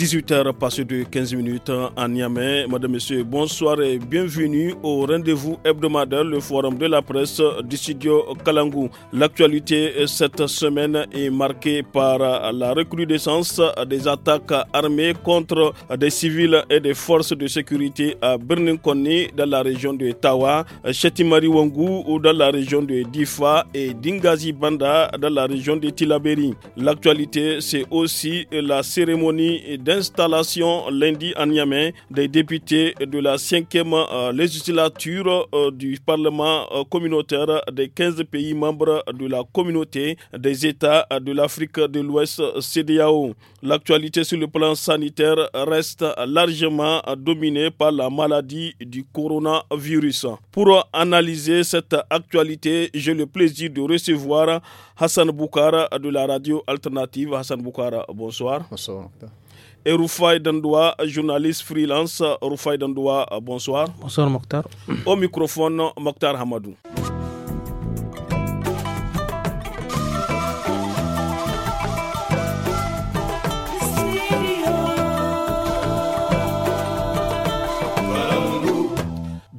18h passé de 15 minutes en Niamey. Madame, Monsieur, bonsoir et bienvenue au rendez-vous hebdomadaire, le forum de la presse du studio Kalangou. L'actualité cette semaine est marquée par la recrudescence des attaques armées contre des civils et des forces de sécurité à Berninkoni dans la région de Tawa, Chetimari Wangu ou dans la région de Difa et Dingazi Banda dans la région de Tilaberi. L'actualité, c'est aussi la cérémonie de L'installation lundi à Niamey des députés de la cinquième e législature euh, du Parlement euh, communautaire des 15 pays membres de la communauté des États de l'Afrique de l'Ouest CDAO. L'actualité sur le plan sanitaire reste largement dominée par la maladie du coronavirus. Pour analyser cette actualité, j'ai le plaisir de recevoir Hassan Boukara de la radio alternative. Hassan Boukara, bonsoir. Bonsoir et Dandoua, journaliste freelance. Roufaï Dandoua, bonsoir. Bonsoir Mokhtar. Au microphone, Mokhtar Hamadou.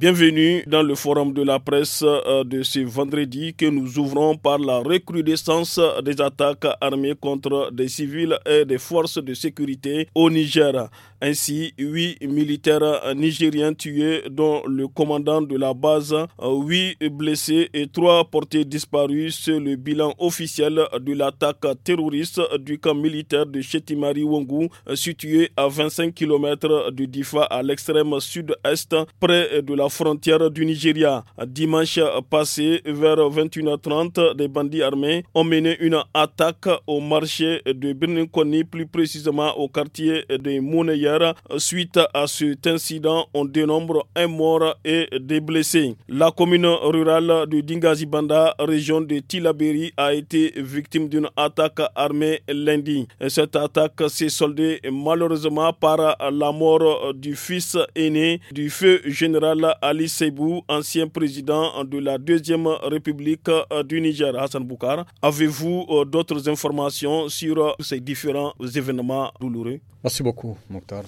Bienvenue dans le forum de la presse euh, de ce vendredi que nous ouvrons par la recrudescence des attaques armées contre des civils et des forces de sécurité au Niger. Ainsi, huit militaires nigériens tués, dont le commandant de la base, euh, huit blessés et trois portés disparus, c'est le bilan officiel de l'attaque terroriste du camp militaire de Chetimari Wongu, situé à 25 km de Difa à l'extrême sud-est, près de la frontière du Nigeria. Dimanche passé, vers 21h30, des bandits armés ont mené une attaque au marché de Birninkoni, plus précisément au quartier de Mouneyer. Suite à cet incident, on dénombre un mort et des blessés. La commune rurale de Dingazibanda, région de Tilaberi, a été victime d'une attaque armée lundi. Cette attaque s'est soldée malheureusement par la mort du fils aîné du feu général Ali Seibou, ancien président de la Deuxième République euh, du Niger, Hassan Boukar. Avez-vous euh, d'autres informations sur euh, ces différents événements douloureux Merci beaucoup, Mokhtar.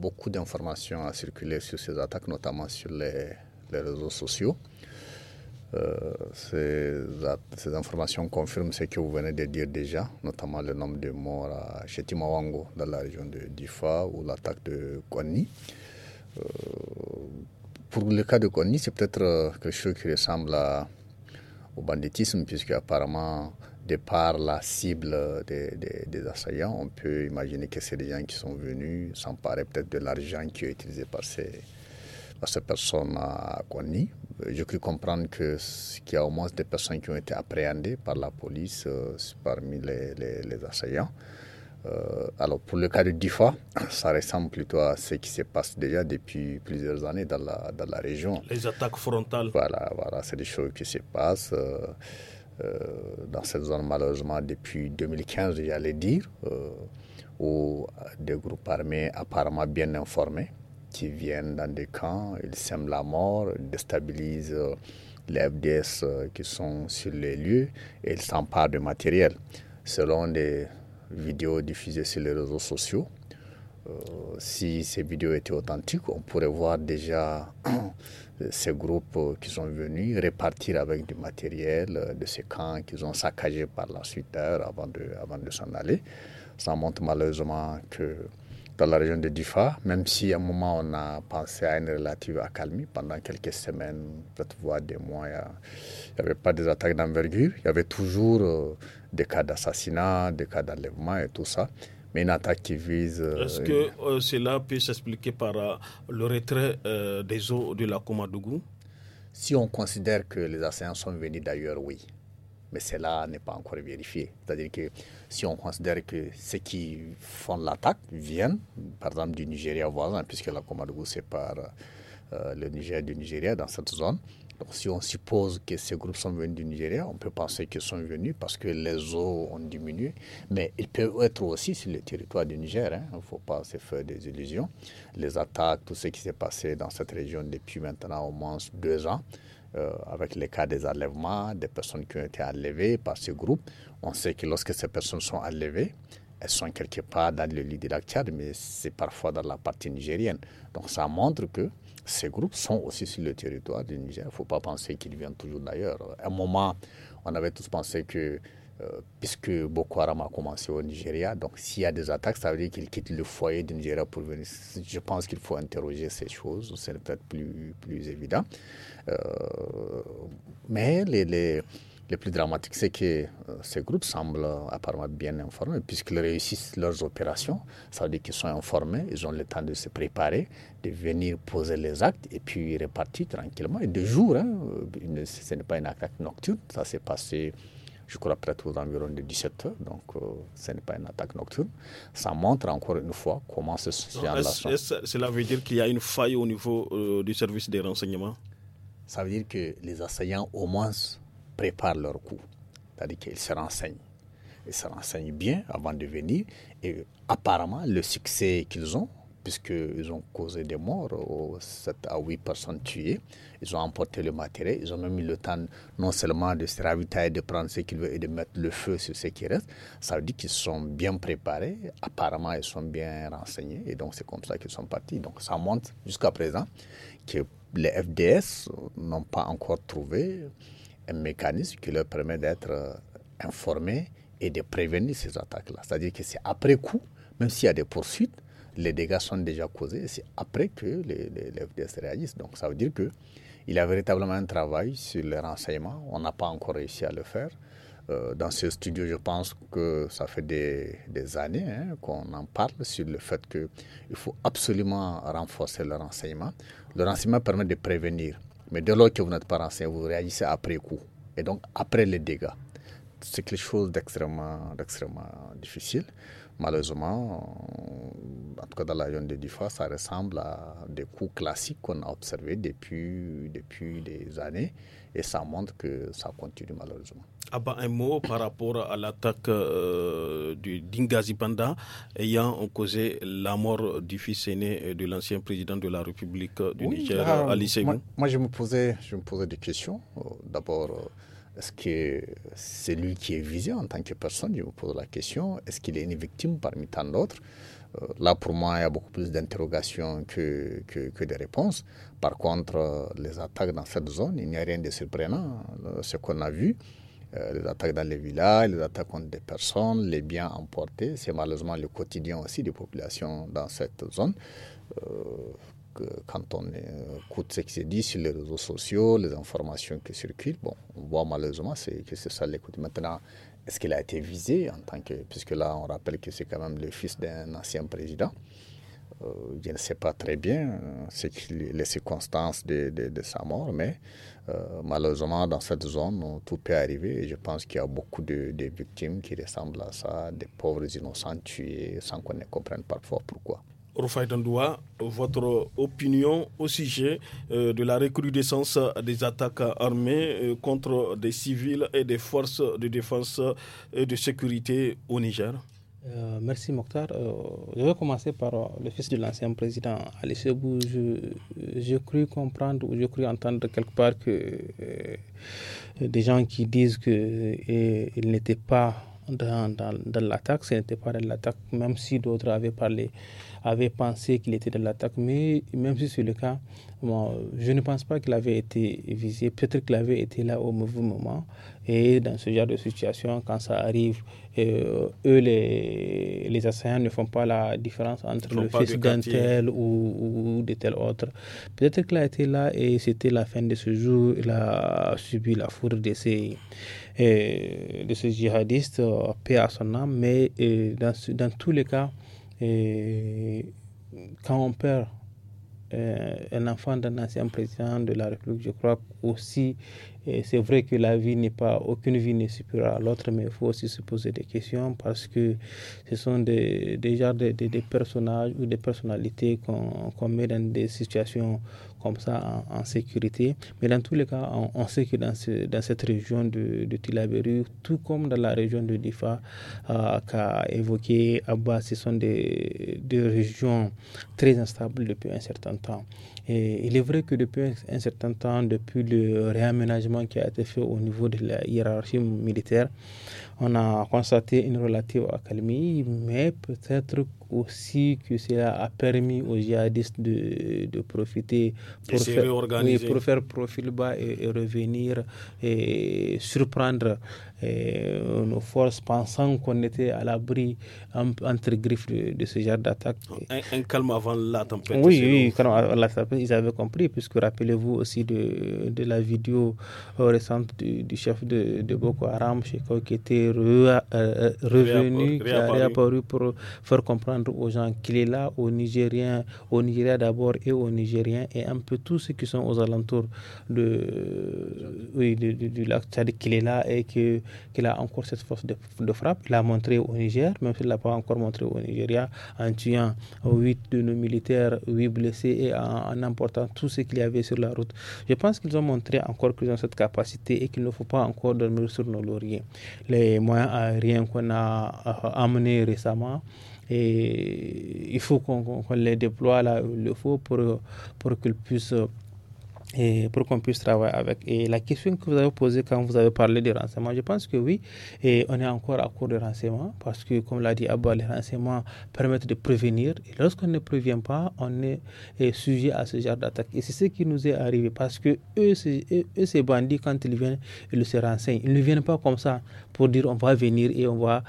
beaucoup d'informations à circuler sur ces attaques, notamment sur les, réseaux sociaux. ces, ces, informations confirment ce que vous venez de dire déjà, notamment le nombre de morts à Chetimawango, dans la région de Difa, ou l'attaque de Kwani. Euh, pour le cas de Kony, c'est peut-être euh, quelque chose qui ressemble au banditisme, puisque apparemment, de par la cible des, assaillants, on peut imaginer que c'est des gens qui sont venus s'emparer peut-être de l'argent qui est utilisé par ces, personnes à Kony. Euh, je cru comprendre que, qu'il y a au moins des personnes qui ont été appréhendées par la police parmi les, les assaillants. Euh, alors pour le cas de DIFA, ça ressemble plutôt à ce qui se passe déjà depuis plusieurs années dans la, dans la région. Les attaques frontales. Voilà, voilà c'est des choses qui se passent. Euh, euh, dans cette zone, malheureusement, depuis 2015, j'allais dire, où des groupes armés apparemment bien informés qui viennent dans des camps, ils sèment la mort, déstabilisent les FDS qui sont sur les lieux et ils s'emparent de matériel. Selon des vidéos diffusées sur les réseaux sociaux. Euh, si ces vidéos étaient authentiques, on pourrait voir déjà ces groupes qui sont venus répartir avec du matériel euh, de ces camps qu'ils ont saccagé par la suite hein, avant de, avant de s'en aller. Ça montre malheureusement que dans la région de Difa, même si à un moment on a pensé à une relative accalmie pendant quelques semaines, peut-être voire des mois, il n'y avait pas des attaques d'envergure, il y avait toujours euh, des cas d'assassinat, des cas d'enlèvement et tout ça. Mais une attaque qui vise. Euh, Est-ce que euh, cela peut s'expliquer par euh, le retrait des eaux de la Komadougou Si on considère que les assaillants sont venus d'ailleurs, oui. Mais cela n'est pas encore vérifié. C'est-à-dire que si on considère que ceux qui font l'attaque viennent, par exemple, du Nigeria voisin, puisque la Komadougou, sépare le Niger du Nigeria dans cette zone, si on suppose que ces groupes sont venus du Nigeria, on peut penser qu'ils sont venus parce que les eaux ont diminué, mais ils peuvent être aussi sur le territoire du Niger. Hein. Il ne faut pas se faire des illusions. Les attaques, tout ce qui s'est passé dans cette région depuis maintenant au moins deux ans, euh, avec les cas des enlèvements, des personnes qui ont été enlevées par ces groupes, on sait que lorsque ces personnes sont enlevées, elles sont quelque part dans le lit de la mais c'est parfois dans la partie nigérienne. Donc ça montre que ces groupes sont aussi sur le territoire du Niger. Il ne faut pas penser qu'ils viennent toujours d'ailleurs. À un moment, on avait tous pensé que, euh, puisque Boko Haram a commencé au Nigeria, donc s'il y a des attaques, ça veut dire qu'ils quittent le foyer du Nigeria pour venir. Je pense qu'il faut interroger ces choses. C'est peut-être plus, plus évident. Euh, mais les le plus dramatique, c'est que euh, ces groupes semblent apparemment bien informés, puisqu'ils réussissent leurs opérations. Ça veut dire qu'ils sont informés, ils ont le temps de se préparer, de venir poser les actes et puis repartir tranquillement. Et de jour, hein, euh, ce n'est pas une attaque nocturne, ça s'est passé je crois près aux environs de 17 heures, donc euh, ce n'est pas une attaque nocturne. Ça montre encore une fois comment ce Cela veut dire qu'il y a une faille au niveau du service des renseignements Ça veut dire que les assaillants, au moins, préparent leur coup. C'est-à-dire qu'ils se renseignent. Ils se renseignent bien avant de venir. Et apparemment, le succès qu'ils ont, puisqu'ils ont causé des morts, aux 7 à 8 personnes tuées, ils ont emporté le matériel, ils ont même eu le temps non seulement de se ravitailler, de prendre ce qu'ils veulent et de mettre le feu sur ce qui reste, ça veut dire qu'ils sont bien préparés, apparemment ils sont bien renseignés, et donc c'est comme ça qu'ils sont partis. Donc ça montre jusqu'à présent que les FDS n'ont pas encore trouvé un mécanisme qui leur permet d'être euh, informés et de prévenir ces attaques-là. C'est-à-dire que c'est après coup, même s'il y a des poursuites, les dégâts sont déjà causés, c'est après que les, les, les FDS réagissent. Donc ça veut dire qu'il y a véritablement un travail sur les renseignements, on n'a pas encore réussi à le faire. Euh, dans ce studio, je pense que ça fait des, années hein, qu'on en parle sur le fait qu'il faut absolument renforcer le renseignement. Le renseignement permet de prévenir. Mais de lors que vous n'êtes pas renseigné, vous réagissez après coup. Et donc après les dégâts. C'est quelque chose d'extrêmement difficile malheureusement, en tout cas dans la zone de Difa, ça ressemble à des coups classiques qu'on a observés depuis, depuis des années et ça montre que ça continue malheureusement. Ah bah, un mot par rapport à l'attaque euh, du Dingazi Panda ayant causé la mort du fils aîné de l'ancien président de la République du Niger, ah, Ali Seymour Moi, je, me posais, je me posais des questions. Euh, d'abord, euh, est-ce que c'est lui qui est visé en tant que personne Je me pose la question. Est-ce qu'il est une victime parmi tant d'autres euh, Là, pour moi, il y a beaucoup plus d'interrogations que, que, que, de réponses. Par contre, euh, les attaques dans cette zone, il n'y a rien de surprenant. Euh, ce qu'on a vu, les attaques dans les villages, les attaques contre des personnes, les biens emportés, c'est malheureusement le quotidien aussi des populations dans cette zone quand on écoute ce qui se dit sur les réseaux sociaux, les informations qui circulent, bon, on voit malheureusement que c'est ça l'écoute. Maintenant, est-ce qu'il a été visé en tant que... Puisque là, on rappelle que c'est quand même le fils d'un ancien président. Euh, je ne sais pas très bien euh, les circonstances de, sa mort, mais euh, malheureusement, dans cette zone, tout peut arriver. je pense qu'il y a beaucoup de, de, victimes qui ressemblent à ça, des pauvres innocents tués sans qu'on ne comprenne parfois pourquoi. Rufai Dandoua, votre opinion au sujet euh, de la recrudescence des attaques armées euh, contre des civils et des forces de défense et de sécurité au Niger euh, merci Mokhtar. je vais commencer par le fils de l'ancien président Ali Sebou. Je, cru comprendre ou je cru entendre quelque part que des gens qui disent qu'il n'était pas dans, dans, dans l'attaque. Ce n'était pas de l'attaque, même si d'autres avaient parlé, avaient pensé qu'il était de l'attaque. Mais même si c'est le cas, je ne pense pas qu'il avait été visé. Peut-être qu'il avait été là au mauvais moment. Et dans ce genre de situation, quand ça arrive, euh, eux, les, les assaillants ne font pas la différence entre le fils d'un tel ou, de tel autre. Peut-être qu'il a été là et c'était la fin de ce jour, il a subi la foudre de ces, euh, de ces djihadistes, euh, paix à son âme, mais dans, dans, tous les cas, quand on perd un enfant d'un ancien président de la République, je crois aussi et c'est vrai que la vie n'est pas, aucune vie n'est supérieure à l'autre, mais il faut aussi se poser des questions parce que ce sont déjà des, personnages ou des personnalités qu'on met dans des situations comme ça en, sécurité. Mais dans tous les cas, on, sait que dans, cette région de, de tout comme dans la région de Difa, euh, qu'a évoqué Abba, ce sont des régions très instables depuis un certain temps il est vrai que depuis un certain temps, depuis le réaménagement qui a été fait au niveau de la hiérarchie militaire, on a constaté une relative accalmie, mais peut-être aussi que cela a permis aux djihadistes de, profiter pour, faire, pour faire profil bas et revenir et surprendre euh, nos forces pensant qu'on était à l'abri entre griffes de, ce genre d'attaque. Un, calme avant la tempête. Oui, oui ils avaient compris, puisque rappelez-vous aussi de, de, la vidéo euh, récente du, chef de, Boko Haram, chez qui était euh, revenu, qui a apparu pour faire comprendre aux gens qu'il est là, aux Nigériens, aux Nigériens d'abord et aux Nigériens, et un peu tous ceux qui sont aux alentours de, du lac Tchad, qu'il est là et que qu'il a encore cette force de, frappe. Il l'a montré au Niger, même s'il ne l'a pas encore montré au Nigeria, en tuant huit de nos militaires, huit blessés et en, emportant tout ce qu'il y avait sur la route. Je pense qu'ils ont montré encore qu'ils ont cette capacité et qu'il ne faut pas encore dormir sur nos lauriers. Les moyens aériens qu'on a euh, amenés récemment, et il faut qu'on les déploie là où il le faut pour, pour qu'ils puissent pour qu'on puisse travailler avec. Et la question que vous avez posée quand vous avez parlé des renseignements, je pense que oui, et on est encore à court de renseignements parce que, comme l'a dit Abba, les renseignements permettent de prévenir. Et lorsqu'on ne prévient pas, on est, sujet à ce genre d'attaque. Et c'est ce qui nous est arrivé parce que eux, ces bandits, quand ils viennent, ils se renseignent. Ils ne viennent pas comme ça pour dire on va venir et on va,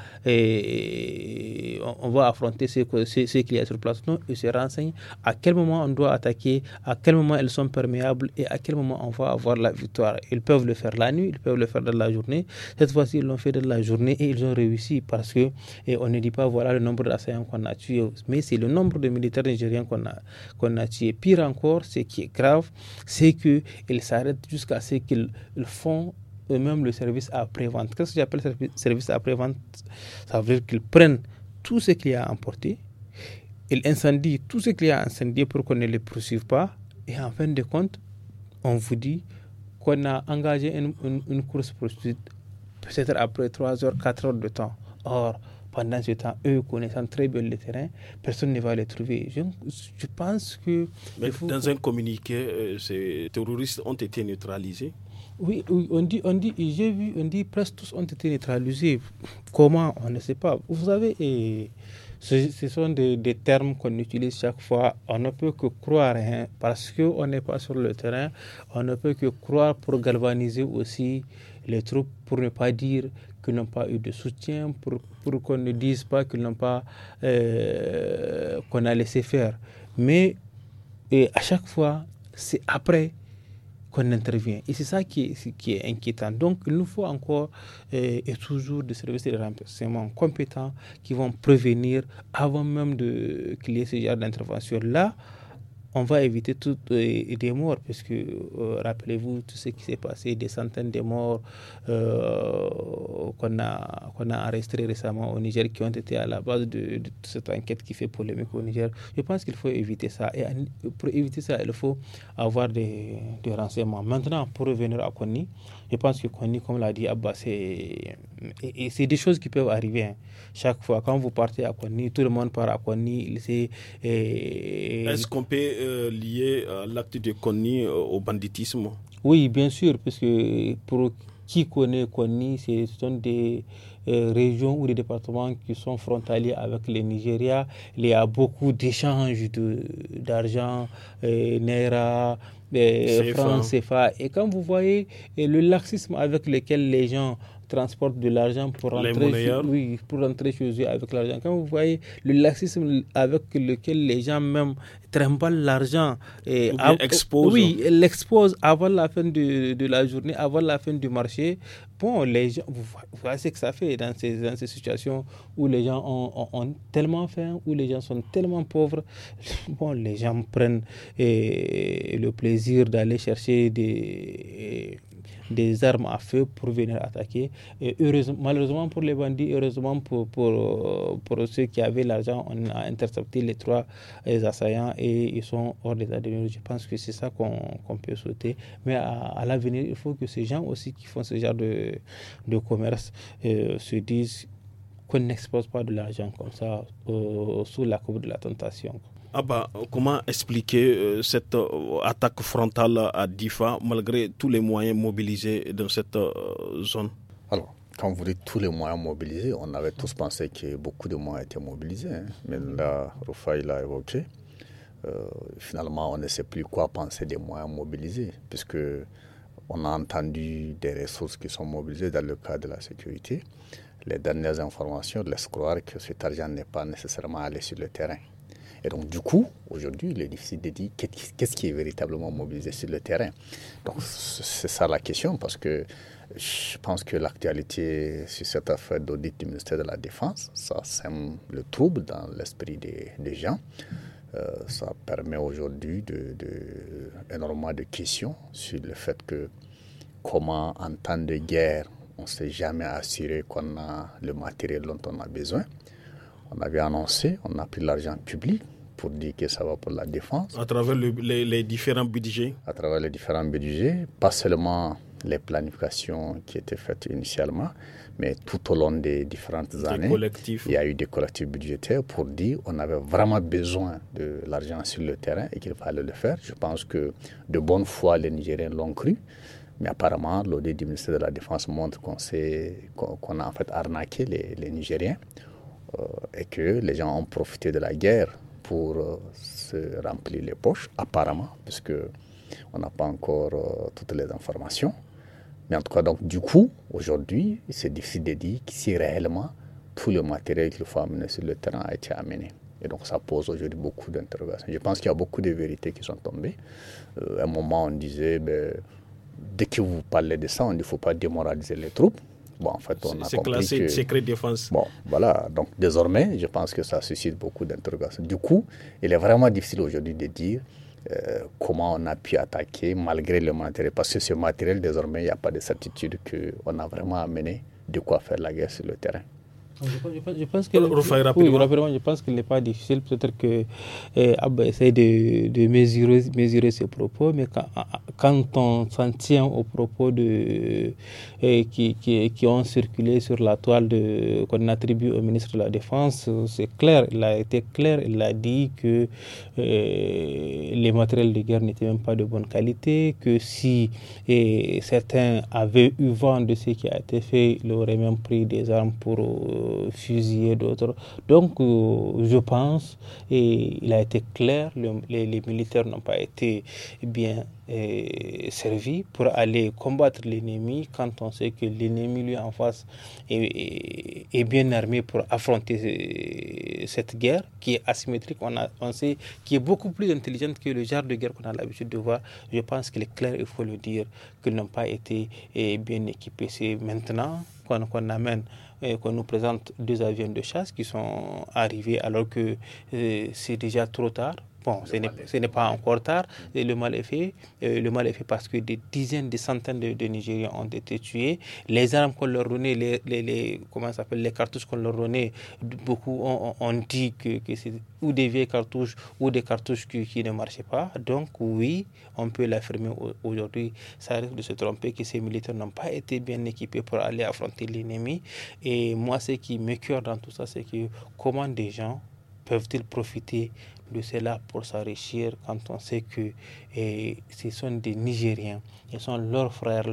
on affronter ce, ce, ce qu'il y a sur place. Non, ils se renseignent à quel moment on doit attaquer, à quel moment elles sont perméables et à quel moment on va avoir la victoire. Ils peuvent le faire la nuit, ils peuvent le faire dans la journée. Cette fois-ci, ils l'ont fait dans la journée et ils ont réussi parce que et on ne dit pas voilà le nombre d'assaillants qu'on a tués, mais c'est le nombre de militaires nigériens qu'on a, qu'on a tués. Pire encore, ce qui est grave, c'est qu'ils s'arrêtent jusqu'à ce qu'ils font eux-mêmes le service après-vente. Qu'est-ce que j'appelle service après-vente Ça veut dire qu'ils prennent tout ce qu'il y a emporté, ils incendient tout ce qu'il y a incendié pour qu'on ne les poursuive pas, et en fin de compte, on vous dit qu'on a engagé une, course poursuite peut-être après 3 heures, 4 heures de temps. Or, pendant ce temps, eux connaissant très bien le terrain, personne ne va les trouver. Je, pense que... Mais dans un communiqué, euh, ces terroristes ont été neutralisés oui, on dit, on dit j'ai vu, on dit presque tous ont été neutralisés. Comment On ne sait pas. Vous avez... Ce, sont des, termes qu'on utilise chaque fois. On ne peut que croire, hein, parce qu'on n'est pas sur le terrain, on ne peut que croire pour galvaniser aussi les troupes, pour ne pas dire qu'ils n'ont pas eu de soutien, pour, pour qu'on ne dise pas qu'ils n'ont pas euh, qu'on a laissé faire. Mais et à chaque fois, c'est après qu'on intervient. Et c'est ça qui est, qui est inquiétant. Donc, il nous faut encore euh, et toujours des services de remplacement compétents qui vont prévenir avant même qu'il y ait ce genre d'intervention-là on va éviter toutes euh, les des morts, puisque euh, rappelez-vous tout ce qui s'est passé, des centaines de morts euh, qu'on a, qu'on a arrêtés récemment au Niger, qui ont été à la base de, toute cette enquête qui fait polémique au Niger. Je pense qu'il faut éviter ça. Et pour éviter ça, il faut avoir des, des renseignements. Maintenant, pour revenir à Kony, je pense que Kony, comme l'a dit Abba, c'est des choses qui peuvent arriver. Hein. Chaque fois, quand vous partez à Kony, tout le monde part à Kony. Est-ce qu'on peut euh, lier euh, l'acte de Kony euh, au banditisme Oui, bien sûr, parce que pour qui connaît Kony, ce sont des régions ou des départements qui sont frontaliers avec le Nigeria. Il y a beaucoup d'échanges d'argent, Naira, CFA. Et quand vous voyez euh, le laxisme avec lequel les gens transporte de l'argent pour rentrer, chez, oui, pour rentrer chez eux avec l'argent. Quand vous voyez le laxisme avec lequel les gens même trimballent l'argent et l'exposent. Oui, hein. l'exposent avant la fin de, de, la journée, avant la fin du marché. Bon, les gens, vous voyez ce que ça fait dans ces, situations où les gens ont, tellement faim, où les gens sont tellement pauvres. Bon, les gens prennent le plaisir d'aller chercher des des armes à feu pour venir attaquer. Et malheureusement pour les bandits, heureusement pour, pour, pour ceux qui avaient l'argent, on a intercepté les trois assaillants et ils sont hors d'état de nuire. Je pense que c'est ça qu'on peut souhaiter. Mais à, l'avenir, il faut que ces gens aussi qui font ce genre de, de commerce euh, se disent qu'on n'expose pas de l'argent comme ça euh, sous la coupe de la tentation. Ah bah, comment expliquer euh, cette euh, attaque frontale à Difa malgré tous les moyens mobilisés dans cette euh, zone Alors, quand vous dites tous les moyens mobilisés, on avait tous pensé que beaucoup de moyens étaient mobilisés. Hein. Mais là, Rufai l'a évoqué. finalement, on ne sait plus quoi penser des moyens mobilisés, puisque on a entendu des ressources qui sont mobilisées dans le cadre de la sécurité. Les dernières informations laissent croire que cet argent n'est pas nécessairement allé sur le terrain. Et donc, du coup, aujourd'hui, il est difficile de dire qu'est-ce qui est véritablement mobilisé sur le terrain. Donc, c'est ça la question, parce que je pense que l'actualité sur cette affaire d'audit du ministère de la Défense, ça sème le trouble dans l'esprit des, gens. Euh, ça permet aujourd'hui de, énormément de questions sur le fait que comment en temps de guerre, on ne s'est jamais assuré qu'on a le matériel dont on a besoin. On avait annoncé, on a pris l'argent public, pour dire que ça va pour la défense. À travers les, différents budgets À travers les différents budgets, pas seulement les planifications qui étaient faites initialement, mais tout au long des différentes années, il y a eu des collectifs budgétaires pour dire qu'on avait vraiment besoin de l'argent sur le terrain et qu'il fallait le faire. Je pense que de bonne foi, les Nigériens l'ont cru. Mais apparemment, l'audit du ministère de la Défense montre qu'on qu'on a en fait arnaqué les, Nigériens euh, et que les gens ont profité de la guerre pour euh, se remplir les poches, apparemment, puisque on n'a pas encore euh, toutes les informations. Mais en tout cas, donc, du coup, aujourd'hui, c'est difficile de dire si réellement tout le matériel qu'il faut amener sur le terrain a été amené. Et donc ça pose aujourd'hui beaucoup d'interrogations. Je pense qu'il y a beaucoup de vérités qui sont tombées. Euh, à un moment, on disait, ben, dès que vous parlez de ça, il ne faut pas démoraliser les troupes. C'est en fait, on secret défense. Bon, voilà. Donc, désormais, je pense que ça suscite beaucoup d'interrogations. Du coup, il est vraiment difficile aujourd'hui de dire euh, comment on a pu attaquer malgré le matériel. Parce que ce matériel, désormais, il n'y a pas de certitude qu'on a vraiment amené de quoi faire la guerre sur le terrain. Je pense, qu'il n'est pas difficile. Peut-être que eh, Abba essaie de, mesurer, ses propos, mais ah, ah, quand, on s'en tient aux propos de, eh, qui, ont circulé sur la toile qu'on attribue au ministre de la Défense, c'est clair. Il a été clair. Il a dit que eh, les matériels de guerre n'étaient même pas de bonne qualité, que si certains avaient eu vent de ce qui a été fait, il aurait même pris des armes pour. Euh, fusillés, d'autres. Donc, euh, je pense, et il a été clair, les, militaires n'ont pas été bien euh, servis pour aller combattre l'ennemi quand on sait que l'ennemi, lui, en face, est, bien armé pour affronter euh, cette guerre qui est asymétrique, on, a, sait, qui est beaucoup plus intelligente que le genre de guerre qu'on a l'habitude de voir. Je pense qu'il est clair, il faut le dire, qu'ils n'ont pas été bien équipés. C'est maintenant qu'on amène euh, qu'on nous présente deux avions de chasse qui sont arrivés alors que euh, c'est déjà trop tard Bon, ce n'est pas encore tard. le mal est fait. Euh, le mal est fait parce que des dizaines, des centaines de, Nigériens ont été tués. Les armes qu'on leur donnait, les, comment les cartouches qu'on leur donnait, beaucoup ont, dit que, c'est ou des vieilles cartouches ou des cartouches qui, ne marchaient pas. Donc oui, on peut l'affirmer aujourd'hui. Ça risque de se tromper que ces militaires n'ont pas été bien équipés pour aller affronter l'ennemi. Et moi, ce qui me cure dans tout ça, c'est que comment des gens peuvent-ils profiter de cela pour s'enrichir quand on sait que eh, ce sont des Nigériens, ce sont leurs frères,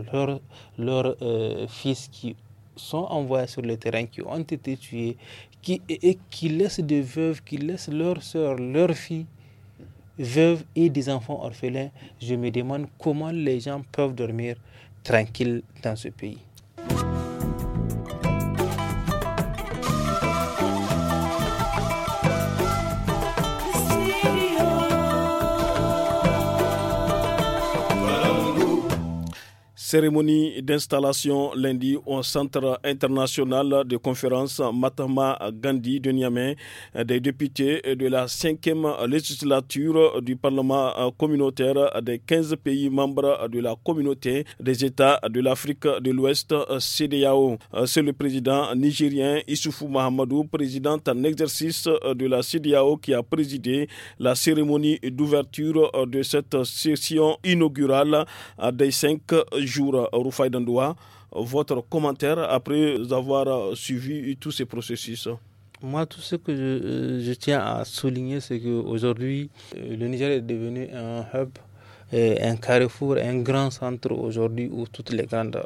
leurs, euh, fils qui sont envoyés sur le terrain, qui ont été tués, qui, et, qui laissent des veuves, qui laissent leurs soeurs, leurs filles veuves et des enfants orphelins. Je me demande comment les gens peuvent dormir tranquilles dans ce pays. Cérémonie d'installation lundi au Centre international de conférence Matama Gandhi de Niamey des députés de la cinquième législature du Parlement communautaire des 15 pays membres de la communauté des États de l'Afrique de l'Ouest CDAO. C'est le président nigérien Issoufou Mahamadou, président en exercice de la CDAO, qui a présidé la cérémonie d'ouverture de cette session inaugurale des cinq jours toujours euh, Rufai Dandoua, votre commentaire après avoir euh, suivi tous ces processus moi, tout ce que je, euh, tiens à souligner, c'est qu'aujourd'hui, le Niger est devenu un hub un carrefour, un grand centre aujourd'hui où toutes les grandes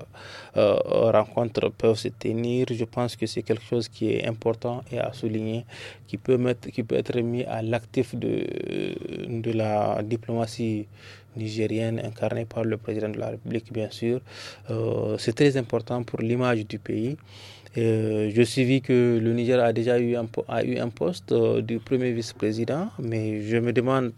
rencontres peuvent se tenir. Je pense que c'est quelque chose qui est important et à souligner, qui peut, mettre, qui peut être mis à l'actif de, de la diplomatie nigérienne incarnée par le président de la République, bien sûr. Euh, c'est très important pour l'image du pays. Euh, je je vu que le Niger a déjà eu un, a eu un poste euh, du premier vice-président, mais je me demande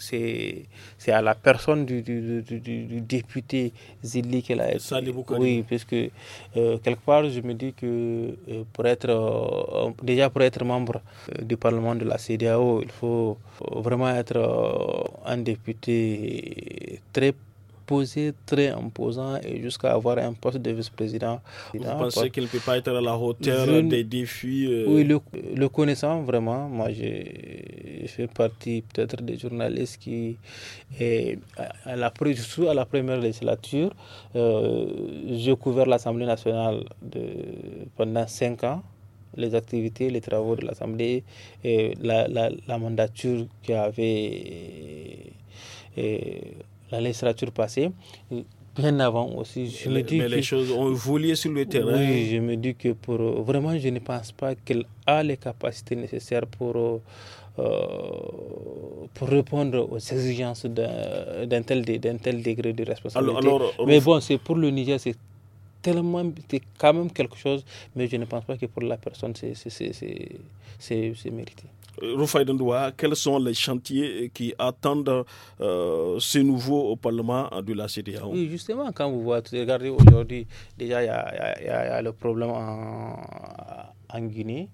c'est à la personne du, du, du, du député Zili qu'elle a été. Oui, parce que euh, quelque part, je me dis que euh, pour être, euh, déjà pour être membre du Parlement de la CDAO, il faut vraiment être un député très posé, très imposant, et jusqu'à avoir un poste de vice-président. Vous pensez qu'il ne peut pas être à la hauteur des défis euh, Oui, le, connaissant vraiment, moi je fais partie peut-être des journalistes qui, à, la, surtout à la première législature, euh, j'ai couvert l'Assemblée nationale de, pendant cinq ans les activités, les travaux de l'Assemblée, et la, la, mandature qui avait et, euh, la législature passée, bien avant aussi. Je me dis les choses ont évolué sur le terrain. Oui, je me dis que pour vraiment, je ne pense pas qu'elle a les capacités nécessaires pour, euh, euh, pour répondre aux exigences d'un tel, tel, degré de responsabilité. mais bon, c'est pour le Niger, c'est tellement, c'est quand même quelque chose, mais je ne pense pas que pour la personne, c'est mérité. Rufai Dendoua, quels sont les chantiers qui attendent euh, ce nouveau au Parlement de la CDAO Oui, justement, quand vous voyez, regardez aujourd'hui, déjà il y, a le problème en Guinée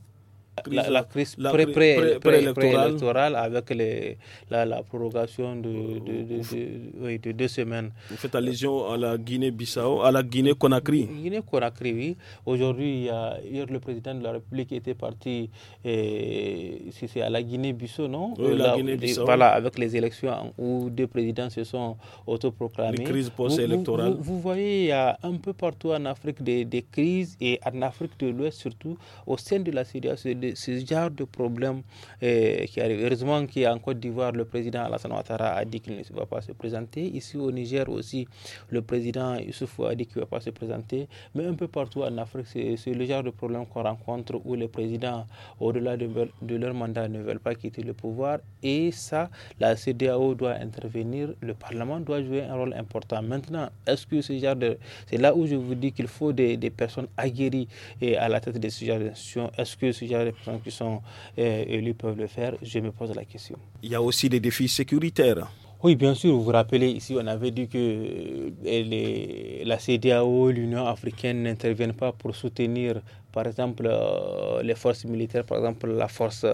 la, crise pré, électorale avec les, la, prorogation de, euh, de, deux semaines. Vous faites allusion à la Guinée-Bissau, à la Guinée-Conakry Guinée-Conakry, oui. Aujourd'hui, hier, le président de la République était parti c'est à la Guinée-Bissau, non la, Guinée-Bissau. Voilà, avec les élections où deux présidents se sont autoproclamés. Les crises post-électorales. Vous, voyez, il y a un peu partout en Afrique des, des crises et en Afrique de l'Ouest surtout, au sein de la CDAO, de, ce genre de problème eh, qui arrive. Heureusement qu'en Côte d'Ivoire, le président Alassane Ouattara a dit qu'il ne va pas se présenter. Ici au Niger aussi, le président Youssouf a dit qu'il ne va pas se présenter. Mais un peu partout en Afrique, c'est le genre de problème qu'on rencontre où les présidents, au-delà de, leur mandat, ne veulent pas quitter le pouvoir. Et ça, la CDAO doit intervenir, le Parlement doit jouer un rôle important. Maintenant, est-ce que ce genre de... C'est là où je vous dis qu'il faut des, des personnes aguerries et eh, à la tête de ce genre Est-ce que ce genre de qui sont élus euh, peuvent le faire, je me pose la question. Il y a aussi des défis sécuritaires. Oui, bien sûr, vous vous rappelez, ici, on avait dit que euh, la CDAO, l'Union africaine n'interviennent pas pour soutenir, par exemple, euh, les forces militaires, par exemple, la force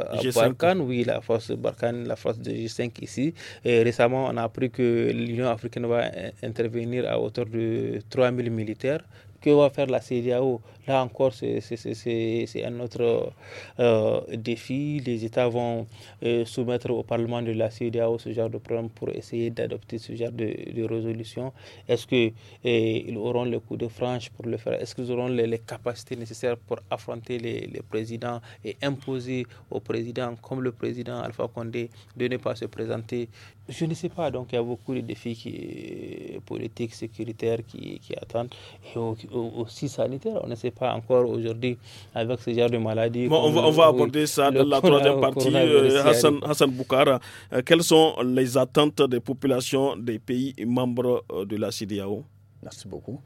oui, la force Balkane, la force de G5 ici. Et récemment, on a appris que l'Union africaine va intervenir à hauteur de 3000 militaires. Que va faire la CDAO Là encore, c'est un autre euh, défi. Les États vont euh, soumettre au Parlement de la CEDAO ce genre de problème pour essayer d'adopter ce genre de, résolution. Est-ce qu'ils euh, auront le coup de franche pour le faire Est-ce qu'ils auront les, capacités nécessaires pour affronter les, présidents et imposer au président, comme le président Alpha Condé, de ne pas se présenter je ne sais pas, donc il y a beaucoup de défis politiques, sécuritaires qui, qui attendent, et aussi sanitaires. On ne sait pas encore aujourd'hui avec ce genre de maladie. on, va, on va aborder ça dans la troisième partie. Euh, Hassan, Hassan Boukara, euh, quelles sont les attentes des populations des pays membres euh, de la CDAO Merci beaucoup.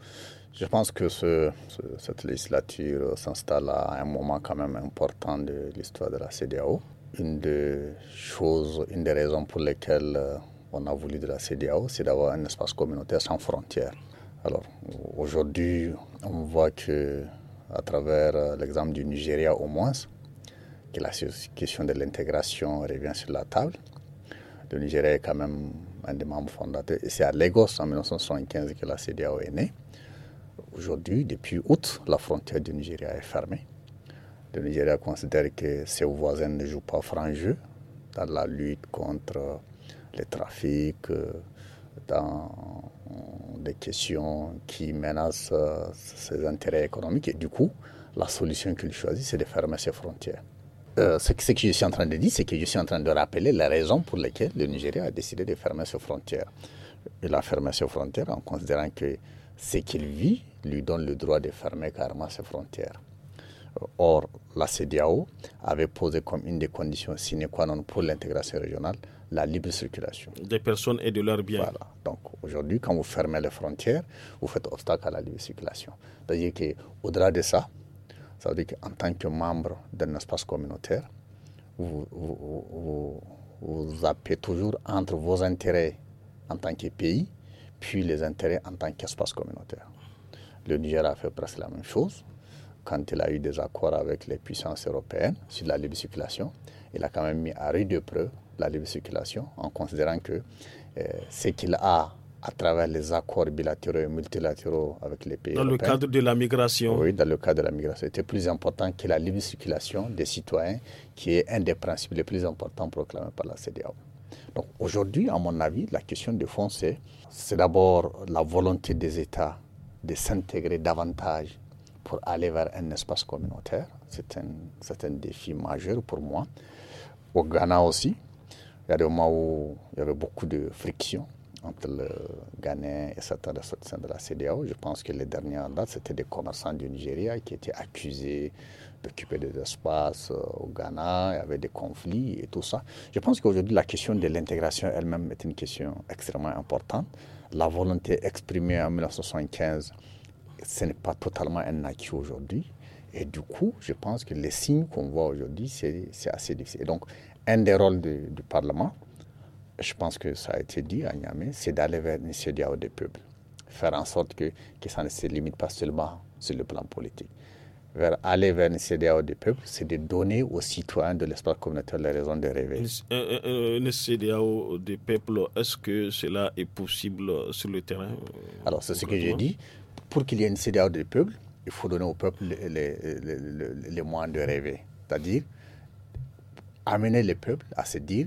Je pense que ce, cette législature s'installe à un moment quand même important de l'histoire de la CDAO. Une des choses, une des raisons pour lesquelles on a voulu de la CDAO, c'est d'avoir un espace communautaire sans frontières. Alors aujourd'hui, on voit que à travers euh, l'exemple du Nigeria au moins, que la question de l'intégration revient sur la table. Le Nigeria est quand même un des membres fondateurs. Et c'est à Lagos en 1975 que la CDAO est née. Aujourd'hui, depuis août, la frontière du Nigeria est fermée. Le Nigeria considère que ses voisins ne jouent pas franc jeu dans la lutte contre euh, les trafics, euh, dans des questions qui menacent euh, ses intérêts économiques. Et du coup, la solution qu'il choisit, c'est de fermer ses frontières. Euh, ce, que, ce, que, je suis en train de dire, c'est que je suis en train de rappeler les raisons pour lesquelles le Nigeria a décidé de fermer ses frontières. Il a fermé ses frontières en considérant que ce qu'il vit lui donne le droit de fermer carrément ses frontières. Or, la CDAO avait posé comme une des conditions sine qua non pour l'intégration régionale la libre circulation. Des personnes et de leurs biens. Voilà. Donc aujourd'hui, quand vous fermez les frontières, vous faites obstacle à la libre circulation. C'est-à-dire qu'au-delà de ça, ça veut dire qu'en tant que membre d'un espace communautaire, vous, vous, appelez toujours entre vos intérêts en tant que pays, puis les intérêts en tant qu'espace communautaire. Le Niger a fait presque la même chose quand il a eu des accords avec les puissances européennes sur la libre circulation. Il a quand même mis à rude épreuve la libre circulation, en considérant que euh, ce qu'il a à travers les accords bilatéraux et multilatéraux avec les pays. Dans le cadre de la migration. Oui, dans le cadre de la migration. C'était plus important que la libre circulation des citoyens, qui est un des principes les plus importants proclamés par la CDAO. Donc aujourd'hui, à mon avis, la question de fond, c'est, d'abord la volonté des États de s'intégrer davantage pour aller vers un espace communautaire. C'est un, un défi majeur pour moi. Au Ghana aussi, il y a des moments où il y avait beaucoup de frictions entre le Ghana et certains de de la CDAO. Je pense que les dernières dates, c'était des commerçants du Nigeria qui étaient accusés d'occuper des espaces euh, au Ghana, il y avait des conflits et tout ça. Je pense qu'aujourd'hui, la question de l'intégration elle-même est une question extrêmement importante. La volonté exprimée en 1975, ce n'est pas totalement un acquis aujourd'hui. Et du coup, je pense que les signes qu'on voit aujourd'hui, c'est assez difficile. donc, un des rôles du, Parlement, je pense que ça a été dit à Niamey, c'est d'aller vers une CDAO des peuples. Faire en sorte que, ça ne se limite pas seulement sur le plan politique. Vers, aller vers une CDAO des peuples, c'est de donner aux citoyens de l'espace communautaire les raisons de rêver. Une, euh, euh, euh, CDAO des peuples, est-ce que cela est possible sur le terrain Alors, c'est ce que j'ai dit. Pour qu'il y ait une CDAO des peuples, il faut donner au peuple les, les, les moyens de rêver. C'est-à-dire, amener les peuples à se dire,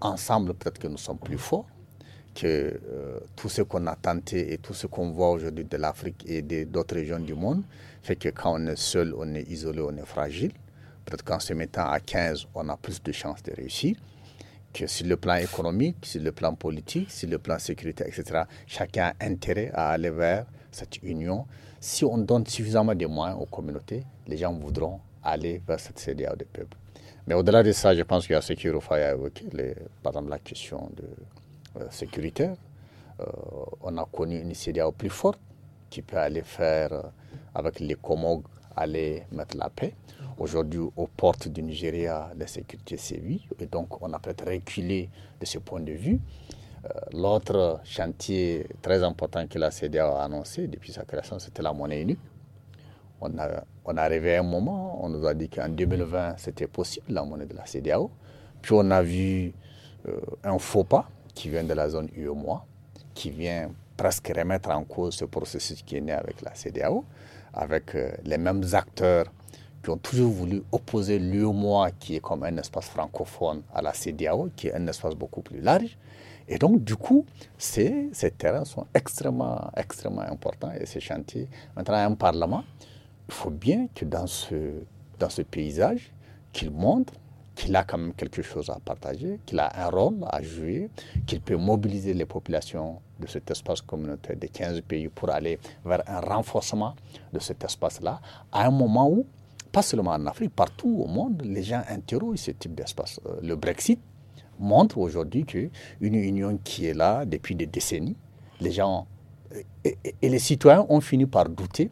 ensemble, peut-être que nous sommes plus forts que euh, tout ce qu'on a tenté et tout ce qu'on voit aujourd'hui de l'Afrique et d'autres régions du monde fait que quand on est seul, on est isolé, on est fragile. Peut-être qu'en se mettant à 15, on a plus de chances de réussir que sur le plan économique, sur le plan politique, sur le plan sécurité, etc. Chacun a intérêt à aller vers cette union. Si on donne suffisamment de moyens aux communautés, les gens voudront aller vers cette CDA des peuples. Mais au-delà de ça, je pense qu'il y a ce a évoqué, les, par exemple la question de euh, sécuritaire. Euh, on a connu une CDAO plus forte qui peut aller faire, euh, avec les Comogues, aller mettre la paix. Aujourd'hui, aux portes du Nigeria, la sécurité sévit. Et donc, on a peut-être reculé de ce point de vue. L'autre chantier très important que la CDAO a annoncé depuis sa création, c'était la monnaie unique on, a, on arrivé à un moment, on nous a dit qu'en 2020, c'était possible, la monnaie de la CDAO. Puis on a vu euh, un faux pas qui vient de la zone UEMOA, qui vient presque remettre en cause ce processus qui est né avec la CDAO, avec euh, les mêmes acteurs qui ont toujours voulu opposer l'UEMOA, qui est comme un espace francophone, à la CDAO, qui est un espace beaucoup plus large. Et donc, du coup, ces, terrains sont extrêmement, extrêmement importants et ces chantiers. Maintenant, un Parlement il faut bien que dans ce, dans ce paysage, qu'il montre qu'il a quand même quelque chose à partager, qu'il a un rôle à jouer, qu'il peut mobiliser les populations de cet espace communautaire des 15 pays pour aller vers un renforcement de cet espace-là, à un moment où, pas seulement en Afrique, partout au monde, les gens interrogent ce type d'espace. Euh, le Brexit montre aujourd'hui qu'une union qui est là depuis des décennies, les gens euh, et les citoyens ont fini par douter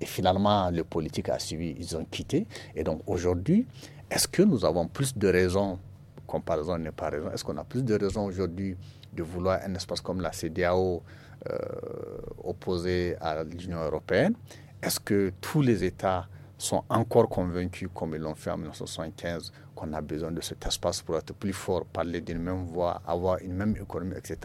et finalement, le politique a suivi, ils ont quitté. Et donc aujourd'hui, est-ce que nous avons plus de raisons, comparaison n'est pas raison, est-ce qu'on a plus de raisons aujourd'hui de vouloir un espace comme la CDAO euh, opposé à l'Union européenne Est-ce que tous les États sont encore convaincus, comme ils l'ont fait en 1975, qu'on a besoin de cet espace pour être plus fort, parler d'une même voix, avoir une même économie, etc.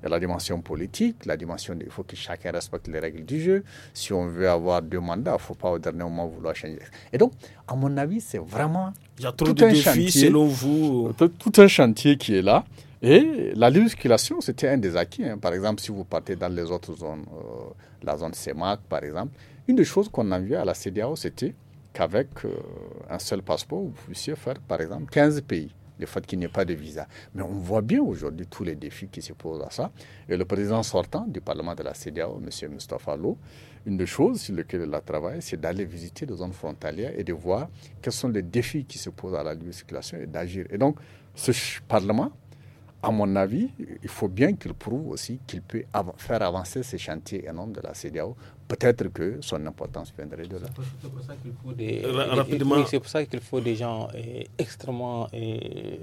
Il y a la dimension politique, la dimension de, il faut que chacun respecte les règles du jeu. Si on veut avoir deux mandats, il ne faut pas au dernier moment vouloir changer. Et donc, à mon avis, c'est vraiment il y a trop tout de un défis chantier, selon vous. Tout, un chantier qui est là. Et la législation, c'était un des acquis. Hein. Par exemple, si vous partez dans les autres zones, euh, la zone CEMAC, par exemple, une des choses qu'on a vu à la CDAO, c'était qu'avec euh, un seul passeport, vous puissiez faire, par exemple, 15 pays, le fait qu'il n'y ait pas de visa. Mais on voit bien aujourd'hui tous les défis qui se posent à ça. Et le président sortant du Parlement de la CDAO, M. Mustafa Lo, une des choses sur lesquelles il a travaillé, c'est d'aller visiter les zones frontalières et de voir quels sont les défis qui se posent à la libre circulation et d'agir. Et donc, ce Parlement, à mon avis, il faut bien qu'il prouve aussi qu'il peut faire avancer ces chantiers énormes de la CDAO peut-être que son importance viendrait de là. C'est pour ça qu'il faut des, pour ça qu'il faut des gens eh, extrêmement. Eh,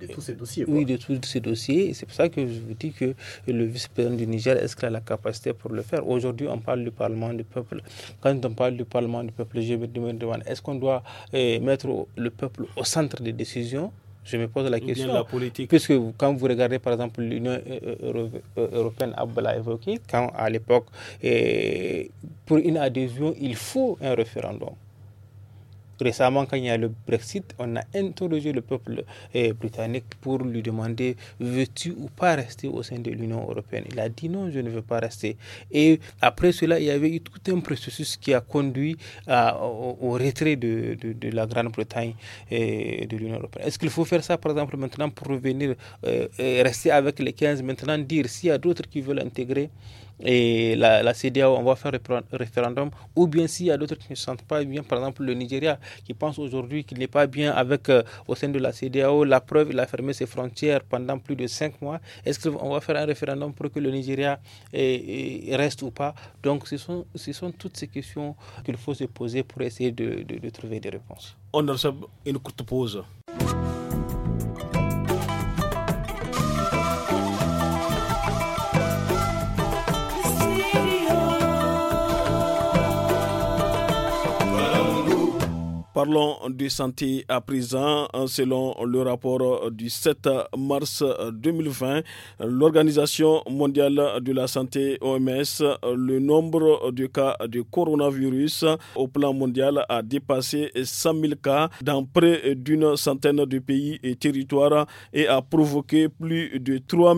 de tous ces dossiers. Oui, de tous ces dossiers. C'est pour ça que je vous dis que le vice-président du Niger, est-ce qu'il a la capacité pour le faire Aujourd'hui, on parle du Parlement du peuple. Quand on parle du Parlement du peuple, je me demande est-ce qu'on doit eh, mettre le peuple au centre des décisions je me pose la question. Puisque quand vous regardez par exemple l'Union euh, euh, euh, européenne, Abba l'a évoqué, quand à l'époque, pour une adhésion, il faut un référendum. Récemment, quand il y a le Brexit, on a interrogé le peuple eh, britannique pour lui demander veux-tu ou pas rester au sein de l'Union européenne Il a dit non, je ne veux pas rester. Et après cela, il y avait eu tout un processus qui a conduit au, retrait de, la Grande-Bretagne et eh, de l'Union européenne. Est-ce qu'il faut faire ça, par exemple, maintenant pour revenir, eh, rester avec les 15, maintenant dire s'il y a d'autres qui veulent intégrer et la, la CDAO, on va faire un référendum, ou bien s'il y a d'autres qui ne se sentent pas bien, par exemple le Nigeria, qui pense aujourd'hui qu'il n'est pas bien avec euh, au sein de la CDAO, la preuve, il a fermé ses frontières pendant plus de cinq mois. Est-ce qu'on va faire un référendum pour que le Nigeria reste ou pas Donc ce sont, ce sont toutes ces questions qu'il faut se poser pour essayer de, de, trouver des réponses. On a une courte pause. Parlons de santé à présent. Selon le rapport du 7 mars 2020, l'Organisation mondiale de la santé OMS, le nombre de cas de coronavirus au plan mondial a dépassé 100 000 cas dans près d'une centaine de pays et territoires et a provoqué plus de 3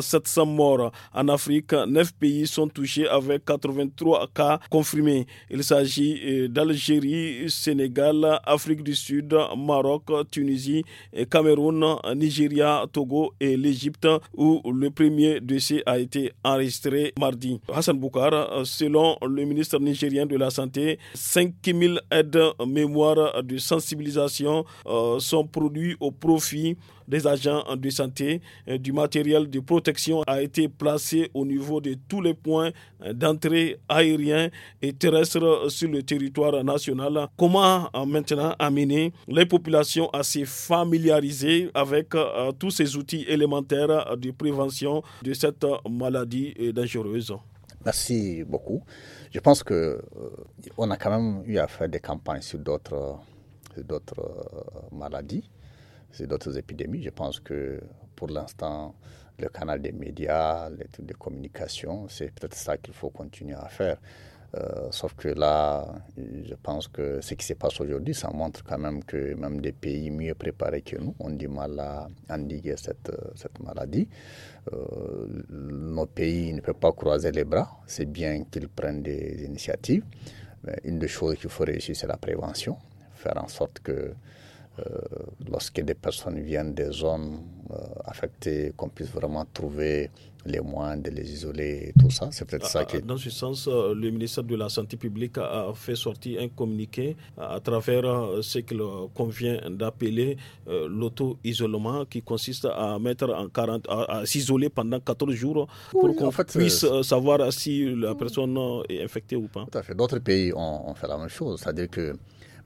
700 morts. En Afrique, 9 pays sont touchés avec 83 cas confirmés. Il s'agit euh, d'Algérie, Sénégal, Afrique du Sud, Maroc, Tunisie, Cameroun, Nigeria, Togo et l'Égypte, où le premier décès a été enregistré mardi. Hassan Boukar, selon le ministre nigérien de la Santé, 5000 aides mémoire de sensibilisation euh, sont produites au profit des agents de santé, euh, du matériel de protection a été placé au niveau de tous les points euh, d'entrée aérien et terrestre sur le territoire national. Comment euh, maintenant amener les populations à se familiariser avec tous ces outils élémentaires de prévention de cette maladie dangereuse Merci beaucoup. Je pense que on a quand même eu à faire des campagnes sur d'autres maladies c'est d'autres épidémies. Je pense que pour l'instant, le canal des médias, les trucs de communication, c'est peut-être ça qu'il faut continuer à faire. Euh, sauf que là, je pense que ce qui se passe aujourd'hui, ça montre quand même que même des pays mieux préparés que nous ont du mal à endiguer cette, cette maladie. Euh, nos pays ne peuvent pas croiser les bras. C'est bien qu'ils prennent des initiatives. Mais une des choses qu'il faut réussir, c'est la prévention. Faire en sorte que euh, lorsque des personnes viennent des zones euh, affectées, qu'on puisse vraiment trouver les moyens de les isoler et tout ça. C'est peut-être ah, ça ah, qui. Dans ce sens, euh, le ministère de la Santé publique a fait sortir un communiqué à travers ce qu'il convient d'appeler l'auto-isolement qui consiste à mettre en 40, à, s'isoler pendant 14 jours pour qu'on puisse savoir si la personne est infectée ou pas. Tout à fait. D'autres pays ont, ont fait la même chose. C'est-à-dire que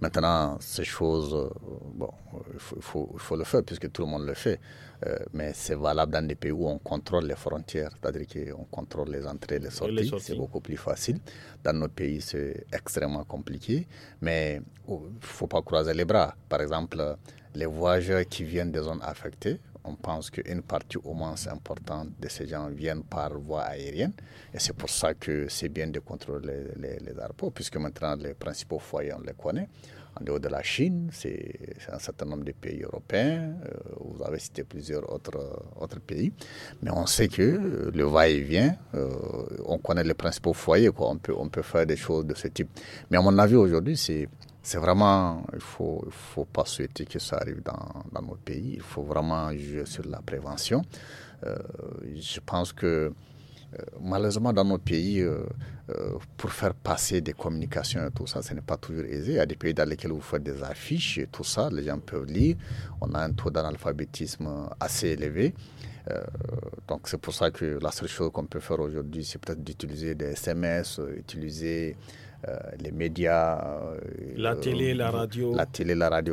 Maintenant, ces choses, euh, bon, il faut, le faire puisque tout le monde le fait. Euh, mais c'est valable dans des pays où on contrôle les frontières, c'est-à-dire qu'on contrôle les entrées les sorties, sorties. C'est beaucoup plus facile. Dans nos pays, c'est extrêmement compliqué. Mais il oh, ne faut pas croiser les bras. Par exemple, les voyageurs qui viennent des zones affectées, on pense qu'une partie au moins importante de ces gens viennent par voie aérienne. Et c'est pour ça que c'est bien de contrôler les, les, puisque maintenant les principaux foyers, on les connaît. En dehors de la Chine, c'est un certain nombre de pays européens. Euh, vous avez cité plusieurs autres, autres pays. Mais on sait que euh, le va-et-vient, euh, on connaît les principaux foyers. Quoi. On, peut, on peut faire des choses de ce type. Mais à mon avis, aujourd'hui, c'est c'est vraiment, il ne faut, il faut pas souhaiter que ça arrive dans, notre pays. Il faut vraiment jouer sur la prévention. Euh, je pense que euh, malheureusement, dans notre pays, euh, pour faire passer des communications et tout ça, ce n'est pas toujours aisé. Il y a des pays dans lesquels vous faites des affiches et tout ça, les gens peuvent lire. On a un taux d'analphabétisme assez élevé. donc c'est pour ça que la seule chose qu'on peut faire aujourd'hui, c'est peut-être d'utiliser des SMS, utiliser euh, les médias. Euh, euh, la télé, la radio.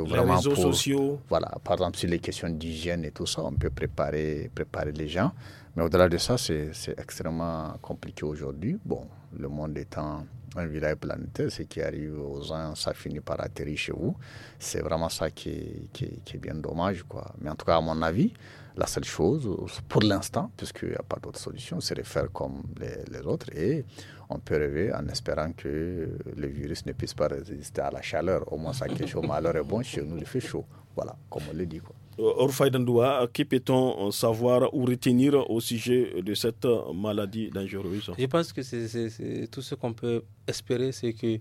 Les réseaux sociaux. Voilà, par exemple, sur les questions d'hygiène et tout ça, on peut préparer, préparer les gens. Mais au-delà de ça, c'est extrêmement compliqué aujourd'hui. Bon, le monde étant un village planétaire, ce qui arrive aux uns, ça finit par atterrir chez vous. C'est vraiment ça qui est, qui est, bien dommage. Quoi. Mais en tout cas, à mon avis, la seule chose, pour l'instant, puisqu'il n'y a pas d'autre solution, c'est de faire comme les, autres et on peut rêver en espérant que le virus ne puisse pas résister à la chaleur. Au moins, ça quelque chose. Malheur est bon, chez nous, il fait chaud. Voilà, comme on le dit. Quoi. Euh, Orfaï Dandoua, que peut-on savoir ou retenir au sujet de cette maladie dangereuse Je pense que c'est tout ce qu'on peut espérer, c'est que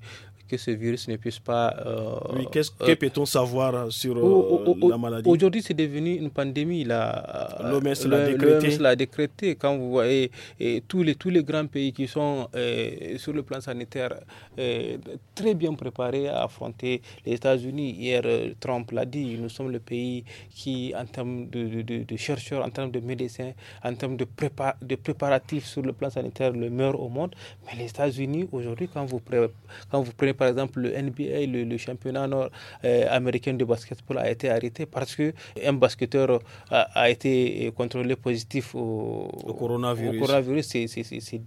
que ce virus ne puisse pas... Euh, oui, qu'est-ce que euh, peut-on savoir sur euh, la maladie Aujourd'hui, c'est devenu une pandémie. L'OMS l'a décrété. l'a décrété. Quand vous voyez et tous, les, tous les grands pays qui sont sur le plan sanitaire très bien préparés à affronter les États-Unis, hier, Trump l'a dit, nous sommes le pays qui, en termes de, de, chercheurs, en termes de médecins, en termes de, prépa de préparatifs sur le plan sanitaire, le meilleur au monde. Mais les États-Unis, aujourd'hui, quand vous, quand vous prenez par exemple, le NBA, le, championnat nord, euh, américain de basketball a été arrêté parce qu'un basketteur euh, a, été euh, contrôlé positif au, coronavirus. Au coronavirus. C'est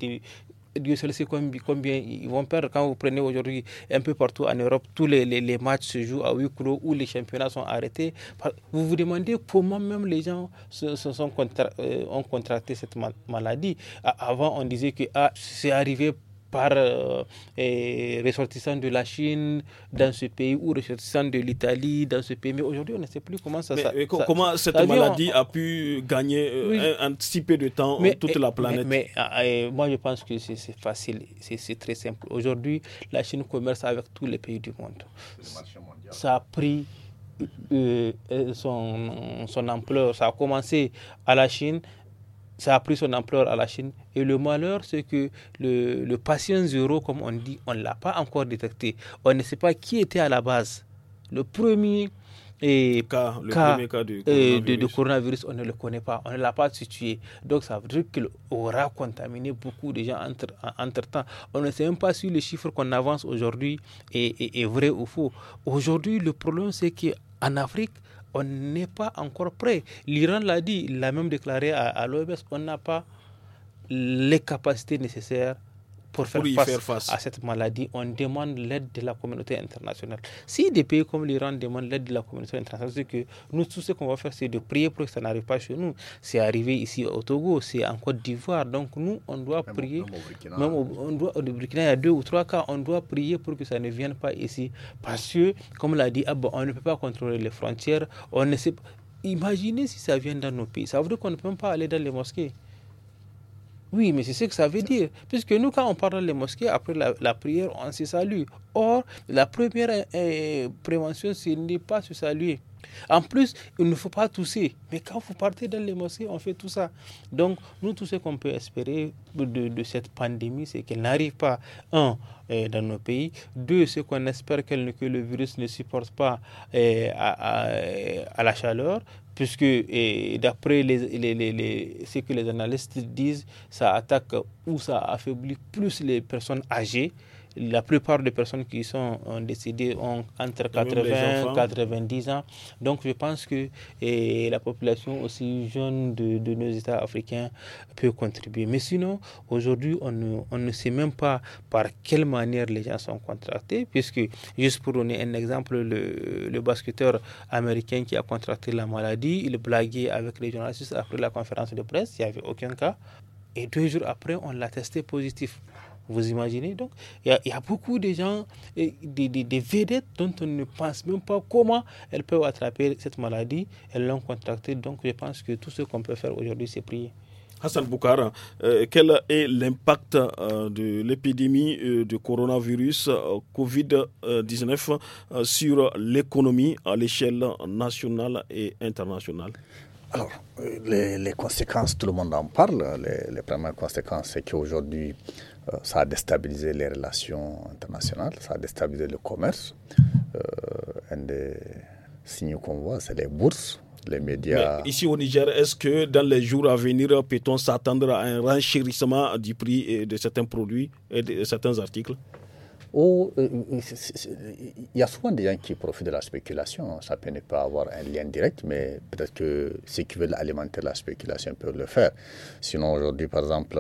Dieu sait combien, combien ils vont perdre. Quand vous prenez aujourd'hui un peu partout en Europe, tous les, les, matchs se jouent à huis clos où les championnats sont arrêtés. Vous vous demandez comment même les gens se, sont ont contracté cette maladie. Avant, on disait que ah, c'est arrivé par euh, ressortissants de la Chine dans ce pays ou ressortissants de l'Italie dans ce pays. Mais aujourd'hui, on ne sait plus comment ça. comment cette maladie a pu gagner euh, un, si peu de temps mais, toute eh, la planète Mais, ah, ah, moi, je pense que c'est facile, c'est très simple. Aujourd'hui, la Chine commerce avec tous les pays du monde. ça a pris. Euh, son, son ampleur. Ça a commencé à la Chine, ça a pris son ampleur à la Chine. Et le malheur, c'est que le, le, patient zéro, comme on dit, on ne l'a pas encore détecté. On ne sait pas qui était à la base. Le premier, et eh, cas, eh, de, coronavirus. on ne le connaît pas, on ne l'a pas situé. Donc ça veut dire qu'il aura contaminé beaucoup de gens entre, temps. On ne sait même pas si les chiffres qu'on avance aujourd'hui est, est, vrai ou faux. Aujourd'hui, le problème, c'est qu'en Afrique, on n'est pas encore prêt. L'Iran l'a dit, il l'a même déclaré à, à l'OMS, on n'a pas les capacités nécessaires pour, faire, face faire, face à cette maladie, on demande l'aide de la communauté internationale. Si des pays comme l'Iran demandent l'aide de la communauté internationale, c'est que nous, tout ce qu'on va faire, c'est de prier pour que ça n'arrive pas chez nous. C'est arrivé ici au Togo, c'est en Côte d'Ivoire. Donc nous, on doit prier, même, au Burkina. même au, on Burkina, il y a deux ou trois cas, on doit prier pour que ça ne vienne pas ici. Parce que, comme l'a dit Abba, on ne peut pas contrôler les frontières, on ne sait Imaginez si ça vient dans nos pays. Ça veut dire qu'on ne peut même pas aller dans les mosquées. Oui, mais c'est ce que ça veut dire. Puisque nous, quand on parle les mosquées, après la, prière, on se salue. Or, la première euh, prévention, ce ne pas se saluer. En plus, il ne faut pas tousser. Mais quand vous partez dans les mosquées, on fait tout ça. Donc, nous, tout ce qu'on peut espérer de, cette pandémie, c'est qu'elle n'arrive pas, un, euh, dans nos pays, deux, c'est qu'on espère que le virus ne supporte pas euh, à, la chaleur, puisque d'après les, ce que les analystes disent, ça attaque ou ça affaiblit plus les personnes âgées la plupart des personnes qui sont euh, décédées ont entre 80 et 90 ans. Donc je pense que la population aussi jeune de, nos États africains peut contribuer. Mais sinon, aujourd'hui, on ne, sait même pas par quelle manière les gens sont contractés, puisque, juste pour donner un exemple, le, le basketteur américain qui a contracté la maladie, il blaguait avec les journalistes après la conférence de presse, il n'y avait aucun cas. Et deux jours après, on l'a testé positif. Vous imaginez donc Il y, a beaucoup de gens, des, vedettes dont on ne pense même pas comment elles peuvent attraper cette maladie. Elles l'ont contractée. Donc je pense que tout ce qu'on peut faire aujourd'hui, c'est prier. Hassan Boukara, euh, quel est l'impact euh, de l'épidémie du euh, de coronavirus Covid-19 sur l'économie à l'échelle nationale et internationale Alors, les, conséquences, tout le monde en parle. les premières conséquences, c'est qu'aujourd'hui, euh, ça a déstabilisé les relations internationales, ça a déstabilisé le commerce. Euh, un des signaux qu'on voit, c'est les bourses. Les médias. ici au Niger, est-ce que dans les jours à venir, peut-on s'attendre à un renchérissement du prix euh, de certains produits et de certains articles oh, il y a souvent des gens qui profitent de la spéculation. Ça peut ne pas avoir un lien direct, mais peut-être que ceux qui veulent alimenter la spéculation peuvent le faire. Sinon, aujourd'hui, par exemple,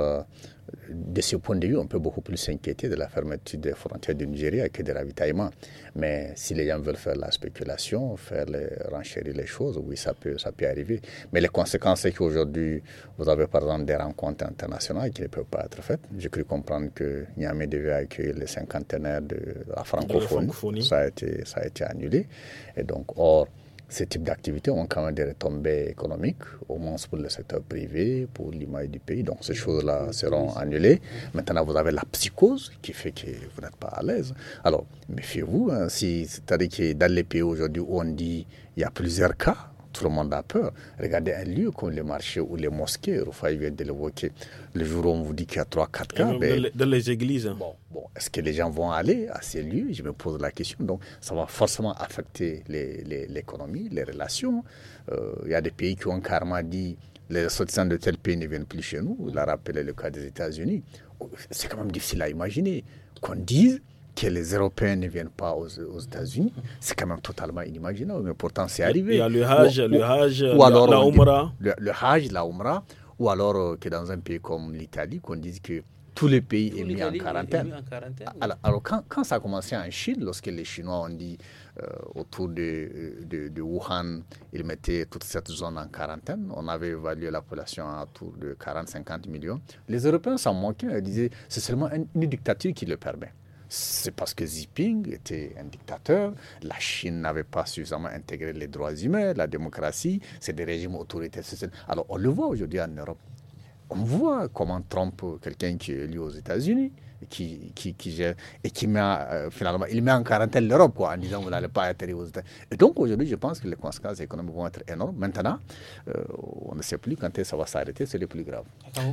de ce point de vue, on peut beaucoup plus s'inquiéter de la fermeture des frontières du Nigeria que des ravitaillements. Mais si les gens veulent faire la spéculation, faire les, renchérir les choses, oui, ça peut, ça peut arriver. Mais les conséquences, c'est qu'aujourd'hui, vous avez par exemple des rencontres internationales qui ne peuvent pas être faites. J'ai cru comprendre que Niamey devait accueillir les cinquantenaires de la francophonie. Ça, a été, ça a été annulé. Et donc, or, ces types d'activités ont quand même des retombées économiques, au moins pour le secteur privé, pour l'image du pays. Donc ces choses-là seront annulées. Maintenant, vous avez la psychose qui fait que vous n'êtes pas à l'aise. Alors, méfiez-vous. Hein, si, C'est-à-dire que dans les pays aujourd'hui où on dit il y a plusieurs cas, tout le monde a peur. Regardez un lieu comme les marchés ou les mosquées, Rufai vient de l'évoquer. Le jour où on vous dit qu'il y a 3-4 cas. Ben, dans, les églises. Hein. Bon, est-ce que les gens vont aller à ces lieux Je me pose la question. Donc, ça va forcément affecter l'économie, les, l'économie les, relations. Euh, il y a des pays qui ont carrément dit les ressortissants de tel pays ne viennent plus chez nous. Il a rappelé le cas des États-Unis. C'est quand même difficile à imaginer qu'on dise que les Européens ne viennent pas aux, États-Unis, c'est quand même totalement inimaginable, mais pourtant c'est arrivé. Il y a le Hajj, le Hajj, la, Umra. Le, Hajj, la Umra, ou alors euh, que dans un pays comme l'Italie, qu'on dise que tous les pays sont mis, en quarantaine. Alors, quand, ça a commencé en Chine, lorsque les Chinois ont dit euh, autour euh, de, de, Wuhan, ils mettaient toute cette zone en quarantaine, on avait évalué la population à autour de 40-50 millions, les Européens s'en moquaient, ils disaient c'est seulement une dictature qui le permet c'est parce que Xi Jinping était un dictateur, la Chine n'avait pas suffisamment intégré les droits humains, la démocratie, c'est des régimes autoritaires. Alors on le voit aujourd'hui en Europe. On voit comment Trump, euh, quelqu'un qui est élu aux États-Unis, qui, qui, qui, et qui met, euh, finalement, il met en quarantaine l'Europe quoi, en disant vous n'allez pas atterrir aux États. Et donc aujourd'hui, je pense que les conséquences économiques vont être énormes. Maintenant, euh, on ne sait plus quand ça va s'arrêter, c'est le plus grave.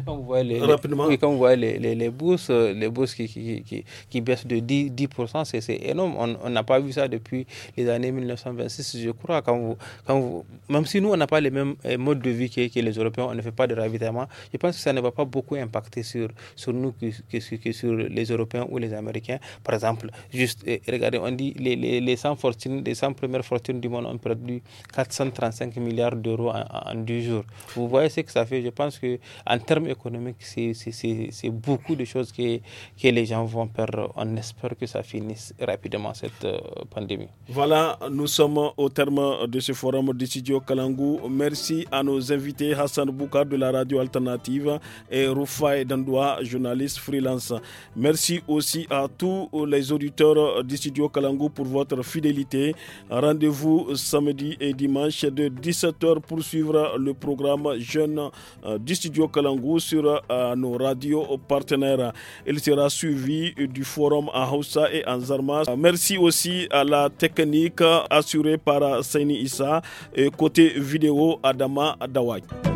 Quand, vous voyez les, bourses, euh, les bourses qui, qui, qui baissent de 10%, 10% c'est énorme. On n'a pas vu ça depuis les années 1926, je crois. Quand vous, quand vous, même si nous, on n'a pas les mêmes modes de vie que, les Européens, on ne fait pas de ravitaillement, je pense que ça ne va pas beaucoup impacter sur, sur nous que, que sur les Européens ou les Américains. Par exemple, juste, eh, regardez, on dit les, les, 100 fortunes, les premières fortunes du monde ont perdu 435 milliards d'euros en, deux jours. Vous voyez ce que ça fait. Je pense que en termes économiques, c'est beaucoup de choses que, que les gens vont perdre. On espère que ça finisse rapidement cette euh, pandémie. Voilà, nous sommes au terme de ce forum de Studio Kalangou. Merci à nos invités Hassan Boukar de la radio alternative et Rufai Dandoua, journaliste freelance. Merci aussi à tous les auditeurs du studio Kalangou pour votre fidélité. Rendez-vous samedi et dimanche de 17h pour suivre le programme Jeune euh, du studio Kalangou sur euh, nos radios partenaires. Il sera suivi du forum à Hausa et en Zarma. Merci aussi à la technique assurée par Saini Issa et côté vidéo Adama Dawai.